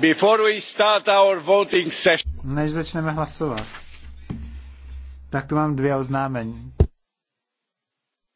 Before we start our voting session. Než začneme hlasovat, tak tu mám dvě oznámení.